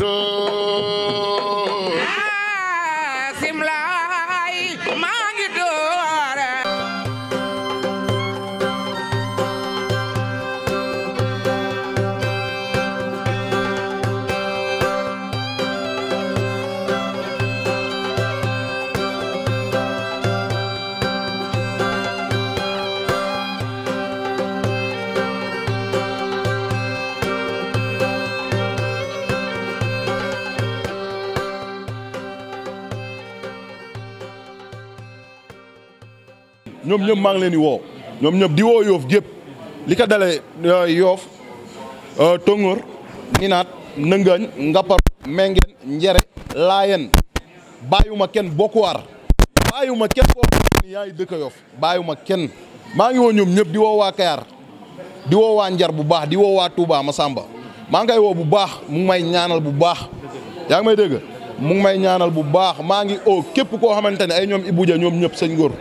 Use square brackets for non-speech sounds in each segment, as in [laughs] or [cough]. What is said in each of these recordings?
Santo ñoom ñëpp maa ngi leen di woo ñoom ñëpp di woo yoof gépp li ko dalee euh, yoof euh, tóngoor ninaat nëngaañ ngappar mengen njere laayen bàyyuma kenn bokkuwaar bàyyuma kenn koo xam ne yaa ngi dëkk yoof bàyyuma kenn maa ngi woo ñoom ñëpp di woo waa Kayar di woo waa Njar bu baax di woo waa Touba Massamba maa ngi koy woo bu baax mu may ñaanal bu baax yaa ngi may dégg mu ngi may ñaanal bu baax maa ngi oo képp koo xamante ne ay ñoom Ibou Dia ñoom ñëpp sëñ góor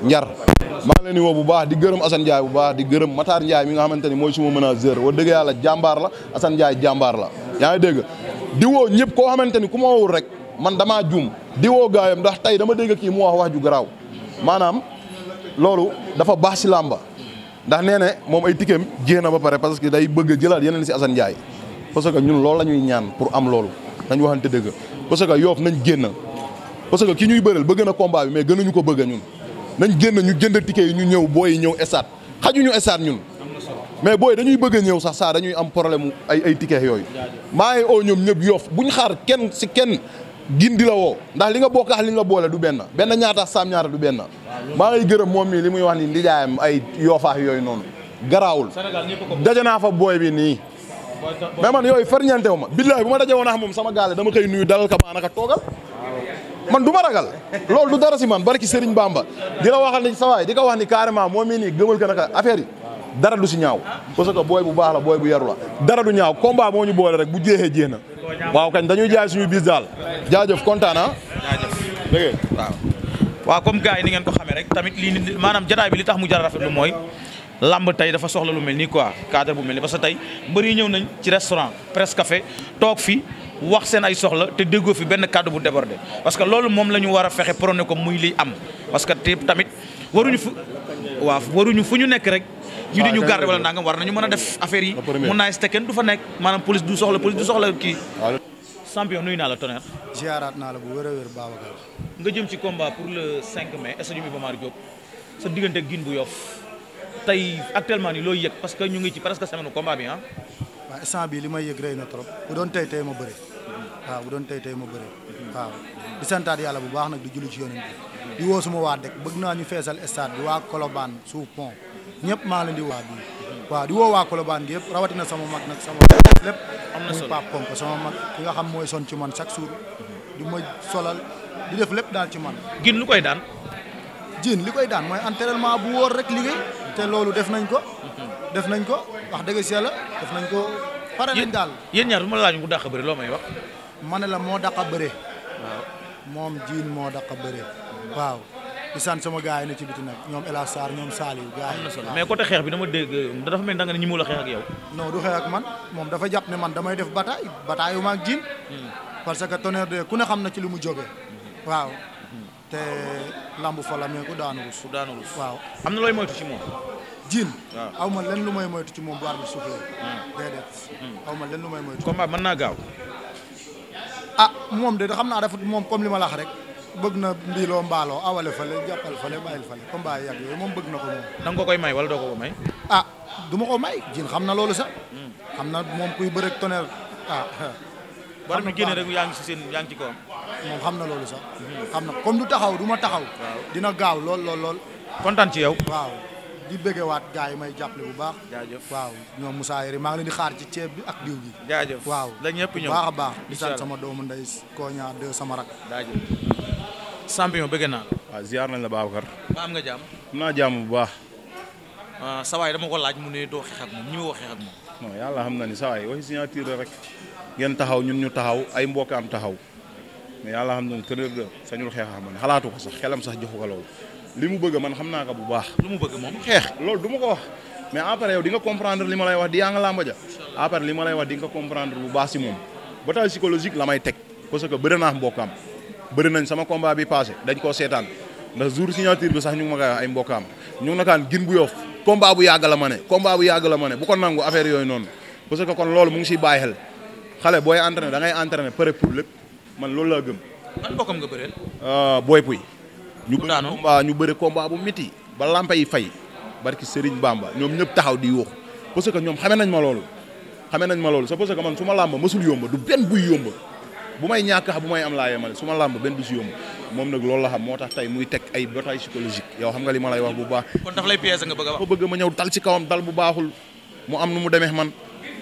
njar maa ngi leen di woo bu baax di gërëm Assane Ndiaye bu baax di gërëm Matar Ndiaye mi nga xamante ni mooy suma manager wa dëgg yàlla jàmbaar la Assane Ndiaye jàmbaar la yaa ngi dégg di woo ñëpp koo xamante ni ku ma wowul rek man damaa juum di woo gaayam ndax tey dama dégg kii mu wax wax ju garaw maanaam loolu dafa baax si làmba ndax nee na moom ay tikkeem jeex na ba pare parce que day bëgg a jëlaat yeneen si Assane Ndiaye parce que ñun loolu la ñuy ñaan pour am loolu dañ waxante dëgg parce que yoof nañ génn parce que ki ñuy bëreel bëgg na combat bi mais gënuñu ko bëgg ñun nañ génn ñu jënd ticket yi ñu ñëw booy ñëw esaat xajuñu esaat ñun. mais booy dañuy bëgg a ñëw sax saa dañuy am problème ay ay yooyu. maa ngi oo ñoom ñëpp yoof buñ xaar kenn si kenn gin di la woo ndax li nga bokk ak li nga boole du benn benn ñaata saam ñaata du benn. maa ngi gërëm moom mii li muy wax ni ndijaayam ay yoofaax yooyu noonu. garaawul daje naa fa booy bi nii. mais man yooyu far ñeenteewu ma. billaahi bu ma daje woon ak moom sama gaale dama koy nuyu dalal ka maanaka toogal. man du ma ragal loolu du dara si man ci Serigne Bamba di la waxal ni sawaay waay di ko wax ni carrément moom mii nii gëmal ko naka affaire yi dara du si ñaaw parce que booy bu baax la booy bu yaru la dara du ñaaw combat moo ñu boole rek bu jeexee jeex na waaw kañ dañuy jaay suñu bis daal jaajëf kontaan ah. jaajëf waaw. comme gars yi ni ngeen ko xamee rek tamit lii nii maanaam jotaay bi li tax mu jar rafetlu mooy lamb tey dafa soxla lu mel nii quoi cadre bu mel nii parce que tey mbër yi ñëw nañ ci restaurant presse café toog fi. wax seen ay soxla te déggoo fi benn kàddu bu débordé parce que loolu moom la ñu war fexe prôné ko muy liy am parce que te tamit waruñu fu waaw waruñu fu ñu nekk rek ñu di ah, ñu garder wala nangam war nañu mën a def affaire yi mun naa te kenn du fa nekk maanaam police du soxla police du soxla kii ah. champion nuyu naa la Tonnerre ziaraat naa la bu wér a wér Babacar nga jëm ci combat pour le 5 mai stade Iba Mar Diop sa diggante Guine bu Yoff tey actuellement nii looy yëg parce que ñu ngi ci presque semaine combat bi ah waaw instant bi li may yëg rëy na trop bu doon tey tey ma bëri waaw bu doon tey tey ma bëre waaw di santaat yàlla bu baax nag di julli ci yonent bi di woo suma waa dëkk bëgg naa ñu feesal stade bi waa Colobane suuf pont ñëpp maa leen di waa bi waaw di woo waa Colobane gi yëpp rawatina sama mag nag sama lépp am na solo Pape Konko sama mag ki nga xam mooy son ci man chaque jour di ma solal di def lépp daal ci man gin lu koy daan jin li koy daan mooy entraînement bu woor rek liggéey te loolu def nañ ko mhm. def nañ ko wax dëgg si yàlla pare nañ daal yéen ñaar bu ma laaj mu dàq bëri loo may wax. ma ne la moo dàq bëre. waaw moom jiin moo dàq bëre. waaw di sant sama gars yi ne ci biti nag ñoom El Hadj ñoom Saliou gars yi. mais côté xeex bi dama dégg dafa mel da nga ne ñi mu xeex ak yow. non du xeex ak man moom dafa jàpp ne man damay def bataay bataayu ma ak jiin. Hmm. parce que tonnerre de ku ne xam na ci li mu jógee. Hmm. waaw hmm. te lambu fa la mais ku daanu rus. ku daanu rus waaw. am na looy moytu ci moom. jiin ah. aw ma lenn lu may moytu ci moom bu arbitre soufflé hmm. déedéet hmm. aw ma lenn lu may moytu combat man naa gaaw ah moom de xam naa dafa moom comme li ma la rek bëgg na mbiiloo mbaaloo awale fale jàppal fale bàyyil fale combat yàgg yooyu moom bëgg na ko moom da nga ko koy may wala doo ko ko may ah du ma ko may jiin xam na loolu sax hmm. xam na moom kuy bërëk tonnerre ah war [laughs] mi génne rek yaa ngi si seen yaa ngi ci kawam moom xam na loolu sax xam na comme du taxaw du taxaw dina gaaw lool lool lool kontaan ci yow waaw di bëggewaat gars yi may jàppale bu baax. jaajëf waaw ñoom Moussa Yeri maa ngi leen di xaar ci ceeb bi ak diw gi. jaajëf waaw la ñëpp ñëw baax a baax. di sant sama doomu ndey Koña de sama rak. jaajëf. champion bëgg naa la. waaw nañ la Babacar. ba am nga jàmm. naa jaam bu baax. Ah, sa waay dama ko laaj mu ne doo xeex ak moom ñu ngi ko xeex ak yàlla xam na ni sa waay waxi signature rek. ngeen taxaw ñun ñu taxaw ay mbokk am taxaw mais yàlla xam na ni Clédor xeex xaman xalaatu ko sax xelam sax joxu ko loolu li mu bëgg man xam naa ka bu baax. lu mu bëgg moom xeex ma ko wax mais après yow di nga comprendre li ma lay wax di yaa nga làmba ja après li wax di nga comprendre bu baax si moom bataille psychologique la may teg parce que bëri naa mbokkaam bëri nañ sama combat bi passé dañ koo seetaan ndax jour signature bi sax ñu ngi ma koy wax ay mbokkaam ñu ngi nakaan gin bu yof combat bu yàgg la ma ne combat bu yàgg la ma ne bu ko nangu affaire yooyu noonu parce que kon loolu mu ngi siy bàyyi xel xale booy entraîné da ngay entraîné pare pour lépp man loolu laa gëm. man mbokkam nga bëreel. Euh, booy puy. ñu bëri combat ñu bu métti ba lampa yi fay barki Serigne Bamba ñoom ñëpp taxaw di yuux parce que ñoom xamee nañ ma loolu xamee nañ ma loolu c'est parce man su ma làmb mësul yomba du benn buy yomba bu may ñàkk a bu may am laa yemale su ma làmb benn du si yomb moom nag loolu la xam moo tax tey muy teg ay bataille psychologique yow xam nga li ma lay wax bu baax. kon daf lay pièce nga bëgg a wax. ma ñëw dal ci kawam dal bu baaxul mu am nu mu demee man.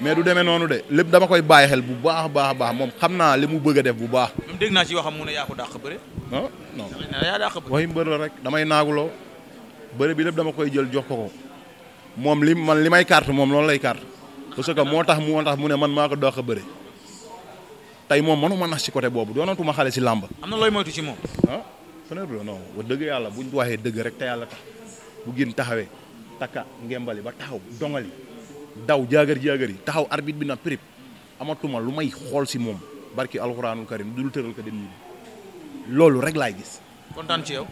mais du demee noonu de lépp dama koy bàyyi xel bu baax a baax baax moom xam naa li mu bëgg a def bu baax. même dégg naa ci waxam mu yaa ko dàq bëre. ah non yaa dàq rek damay naaguloo bëre bi lépp dama koy jël jox ko ko moom li man li may carte moom loolu lay carte parce que moo tax moo tax mu ne man maa ko dàq bëre tey moom mënu ma nax ci côté boobu doonatuma xale si làmb. am na looy moytu ci moom. ah feneen bi non wax dëgg yàlla buñ waxee dëgg rek te yàlla tax bu gën taxawee takka ngembali ba taxaw dongali. daw jaagar jaagar yi taxaw arbitre bi na prip amatuma lu may xool si moom barki alxuraanul karim dul tëral ko dem loolu rek laay gis. kontaan ci yow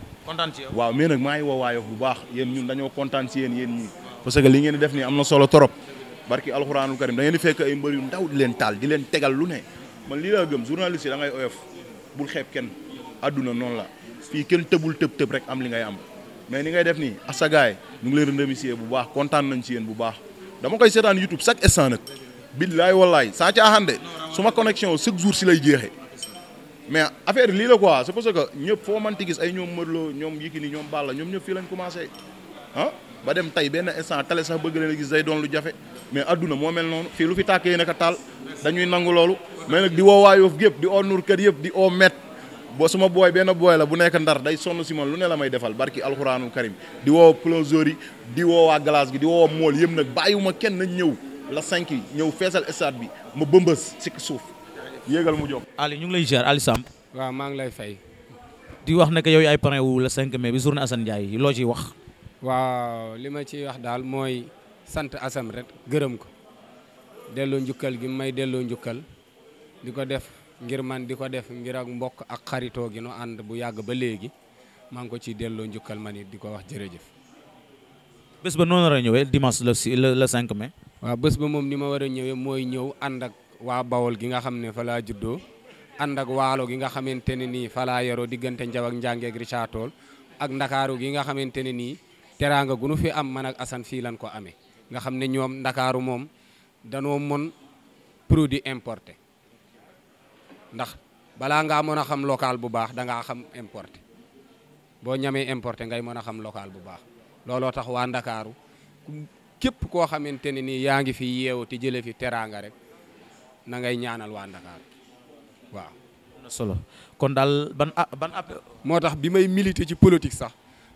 waaw mais nag maa ngi woo waayoo bu baax yéen ñun dañoo kontaan si yéen yéen ñii. parce que li ngeen di def nii am na solo trop. barki alxuraanul karim da ngeen di fekk ay mbër yu ndaw di leen taal di leen tegal lu ne man lii laa gëm journaliste yi da ngay oyof bul xeeb kenn àdduna noonu la fii kenn tëbul tëb tëb rek am li ngay am mais ni ngay def nii asagaay ñu ngi leen bu baax kontaan nañ ci yéen bu baax. dama koy seetaan YouTube chaque instant nag billaay wallaay saa caaxaan de suma connexion chaque jour si lay jeexee mais affaire lii la quoi c'est parce que ñëpp foo mënti gis ay ñoom Modou Lo ñoom Yékini ñoom Balla ñoom ñëpp fii lañ commencé ah ba dem tey benn instant tale sax bëgg leen a gis day doon lu jafe mais adduna moo mel noonu fii lu fi tàkkee naka taal dañuy nangu loolu mais nag di woo waayoof gépp di oo nur kër yëpp di oo met boo suma booy benn booy la bu nekk ndar day sonn si man lu ne la may defal barki alxuraanu karim di woo plongeurs yi di woo waa gi di woo mool yëpp nag bàyyiwuma kenn na ñëw la cinq yi ñëw feesal stade bi ma bëmbës si suuf yéegal mu jóg. Ali ñu lay ziar Ali Samb. waaw maa ngi lay fay. di wax ne yow ay parrain wu la 5 mai bi journée Assane yi loo ciy wax. waaw li ma ci wax daal mooy sant Assane rek gërëm ko delloo njukkal gi may delloo njukkal di ko def. ngir man di ko def ngir ak mbokk ak xaritoo gi nu ànd bu yàgg ba léegi maa ngi ko ciy delloo njukkal man it di ko wax jërëjëf. bés ba noonu la ñëwee dimanche le si le 5 mai. waaw bés ba moom ni ma war a ñëwee mooy ñëw ànd ak waa Bawol gi nga xam ne fa laa juddoo ànd ak waalo gi nga xamante ne nii fa laa diggante Njaw ak Njàngeeg Richard Toll ak ndakaaru gi nga xamante ne nii teraanga gu fi am man ak Assane fii ko amee nga xam ne ñoom ndakaaru moom danoo mën produit ndax balaa ngaa mën a xam local bu baax dangaa xam importe boo ñamee importe ngay mën a xam local bu baax looloo tax waa Ndakaaru képp koo xamante ne nii yaa ngi fi yeewu te jële fi teraanga rek na ngay ñaanal waa Ndakaaru waaw. solo kon daal ban ban moo tax bi may militer ci politique sax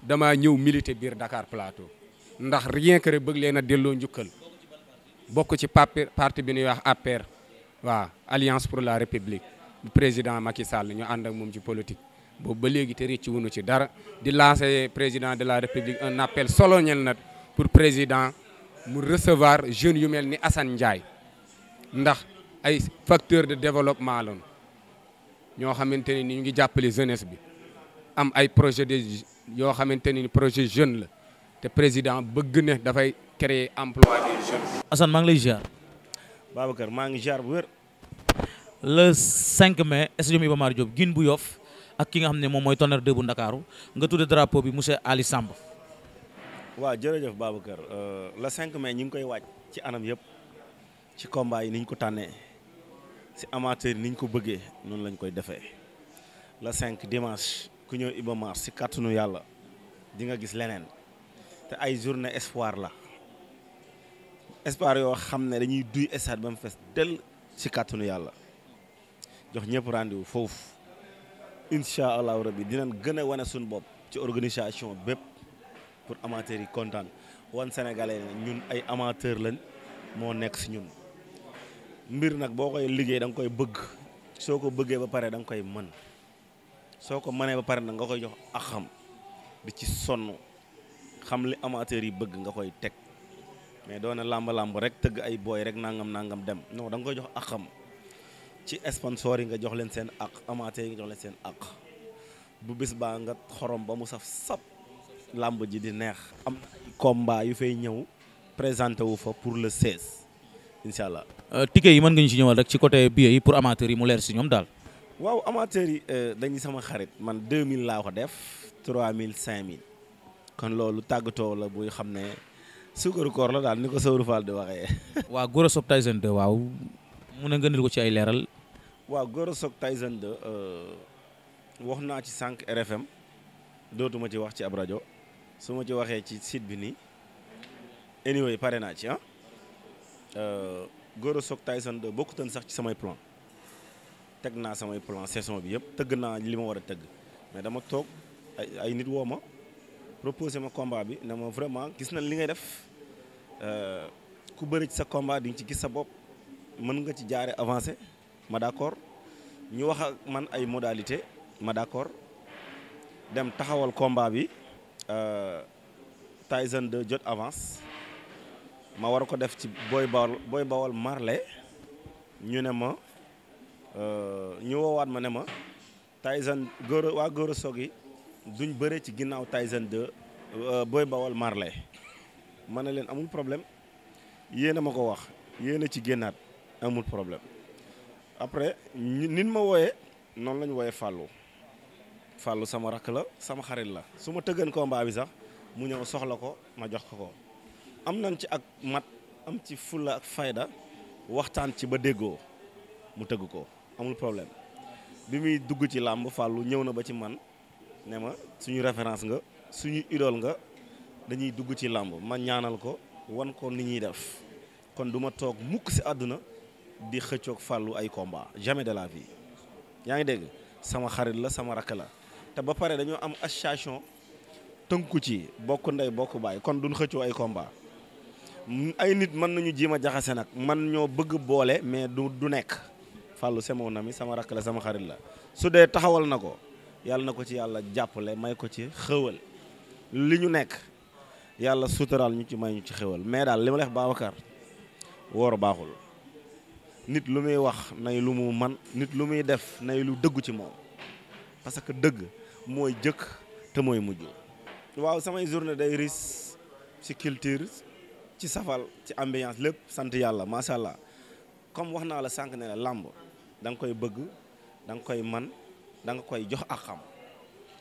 damaa ñëw militer biir Dakar Plateau ndax rien que rek bëgg leen a delloo njukkal bokk ci parti bi ñuy wax APR waaw Alliance pour la République. président Macky Sall ñu ànd ak moom ci politique boobu ba léegi te rëcc wuñu ci dara di lancer président de la république un appel solennel nag pour président mu recevoir jeunes yu mel ni assan Ndiaye ndax ay facteur de développement lañu ñoo xamante ne ni ñu ngi jàppale jeunesse bi am ay projet de yoo xamante ni projet jeune la te président bëgg ne dafay créer emploi des jeunes. Assane maa lay ziar. Babacar maa ngi ziar bu wér. le 5 mai stade Iba Mar Diop Guine bu Yoff ak ki nga xam ne moom mooy Tonnerre 2 bu Ndakaaru nga tudd drapeau bi monsieur Ali Samb. waaw jërëjëf Babacar euh, le 5 mais ñi ngi koy waaj ci anam yëpp ci combat yi niñ ko tànnee si amateur yi niñ ko bëggee noonu lañ koy defee le 5 dimanche ku ñëw Iba Mar si kàttanu yàlla di nga gis leneen te ay journée espoir la espoir yoo xam ne dañuy duy stade ba mu fees dell si kàttanu yàlla. jox ñëpp rendez-vous foofu incha allahu rabi dinañ gën a wane suñu bopp ci organisation bépp pour amateurs yi kontaan wan sénégalais ñun ay amateur lañ moo nekk si ñun mbir nag boo koy liggéey da nga koy bëgg soo ko bëggee ba pare da koy man soo ko mënee ba pare na nga koy jox axam di ci sonn xam li amateur yi bëgg nga koy teg mais doone làmb làmb rek tëgg ay booy rek nangam nangam dem non da koy jox axam ci sponsor yi nga jox leen seen ak amateur yi nga jox leen seen aq bu bis baa nga xorom ba mu saf sap làmb ji di neex am combat yu fay ñëw présenté wu fa pour le 16 incha allah. Euh, ticket yi mën nga ñu si ñëwal rek ci côté billet yi pour amateurs yi mu leer si ñoom daal. waaw amateurs yi euh, dañuy sama xarit man mille laa ko def mille cinq 5000 kon loolu tàggatoo la buy xam ne suukaru koor la daal ni ko Sowru Fall di waxee. [laughs] waaw Gora Tyson 2 na gënal ko ci leeral waaw Gora Sock Tyson 2 euh, wax naa ci sànq RFM dootuma ci wax ci ab rajo su ma ci waxee ci site bi nii anyway pare naa ci ah euh, Gora Sock Tyson de bokkutoon sax ci samay plan teg naa samay plan saison bi yëpp tëgg naa li ma war a tëgg mais dama toog ay nit woo ma proposé ma combat bi ne ma vraiment gis na li ngay def euh, ku bëri ci sa combat di ci gis sa bopp mën nga ci jaare avancé ma d'accord ñu wax ak man ay modalité ma d'accord dem taxawal komba bi euh, Tyson 2 jot avance ma war ko def ci Boy Bawal Boy Bawal marle ñu ne ma euh, ñu woowaat ma ne ma Tyson góor waa góor soog yi duñ bëre ci ginnaaw Tyson de euh, Boy Bawal marle ma ne leen amul problème yéen a ma ko wax yéen a ci génnaat amul problème après nit ma wooyee noonu la ñu wooyee Fallou Fallou sama rakk la sama xarit la su ma tëggan combat bi sax mu ñëw soxla ko ma jox ko am nañ ci ak mat am ci fulla ak fayda waxtaan ci ba déggoo mu tëgg ko amul problème bi muy dugg ci làmb fàllu ñëw na ba ci man ne ma suñu référence nga suñu idole nga dañuy dugg ci làmb ma ñaanal ko wan ko ni ñuy def kon du ma toog mukk ci àdduna di xëccook fàllu ay komba jamais de la vie yaa ngi dégg sama xarit la sama rakk la te ba pare dañoo am association tënku ci bokk ndey bokk baay kon duñ xëccoo ay combat ay nit mën nañu jéem a jaxase nag man ñoo bëgg boole mais du du nekk fàllu semoon na mi sama rakk la sama xarit la su dee taxawal na ko yàlla na ko ci yàlla jàppale may ko ci xëwal li ñu nekk yàlla suturaal ñu ci may ñu ci xëwal mais daal li ma leex Babacar woor baaxul nit lu muy wax nay lu mu man nit lu muy def nay lu dëggu ci moom parce que dëgg mooy jëkk te mooy mujj waaw samay journée day ris ci culture ci safal ci ambiance lépp sant yàlla macha allah comme wax naa la sànq ne la làmb da nga koy bëgg da nga koy man da nga koy jox ak xam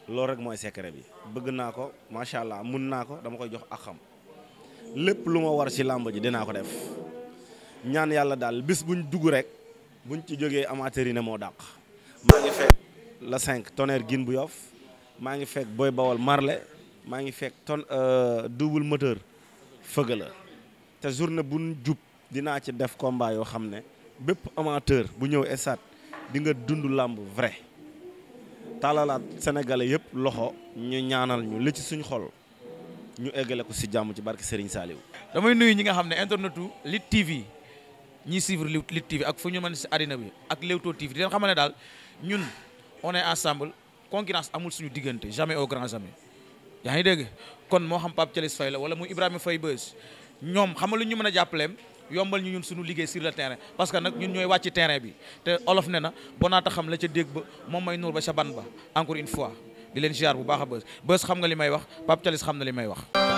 loolu rek mooy secret bi bëgg naa ko macha allah mun naa ko dama koy jox ak xam lépp lu ma war ci làmb ji dinaa ko def ñaan yàlla daal bis buñ dugg rek buñ ci jógee amateur yi ne moo dàq. maa ngi fekk la 5 tonnerre gin bu yof maa ngi fekk boy bawol marle maa ngi fekk ton euh, double moteur fëga la te journée buñ jub dinaa ci def combat yoo xam ne bépp amateur bu ñëw esat di nga dund làmb vrai tàllalaat sénégalais yëpp loxo ñu ñaanal ñu li ci suñ xol ñu eggale ko si jàmm ci barke Serigne Saliou damay nuyu ñi nga xam ne internetu Lutte TV ñiy suivre Lutte TV ak fu ñu mën si àddina bi ak Leewtoo TV di leen xamal ne daal ñun on est ensemble concurrence amul suñu diggante jamais au grand jamais yaa ngi dégg kon moo xam pap Thialis Faye la wala muy Ibrahima Faye Beuz ñoom xam lu ñu mën a jàppaleem yombal ñu ñun suñu liggéey sur le terrain parce que nag ñun ñooy wàcc terrain bi te olof ne na bonaata xam la ca dégg ba moom may nuur ba ca ban ba encore une fois di leen ziar bu baax a Beuz Beuz xam nga li may wax Pape Thialis xam na li may wax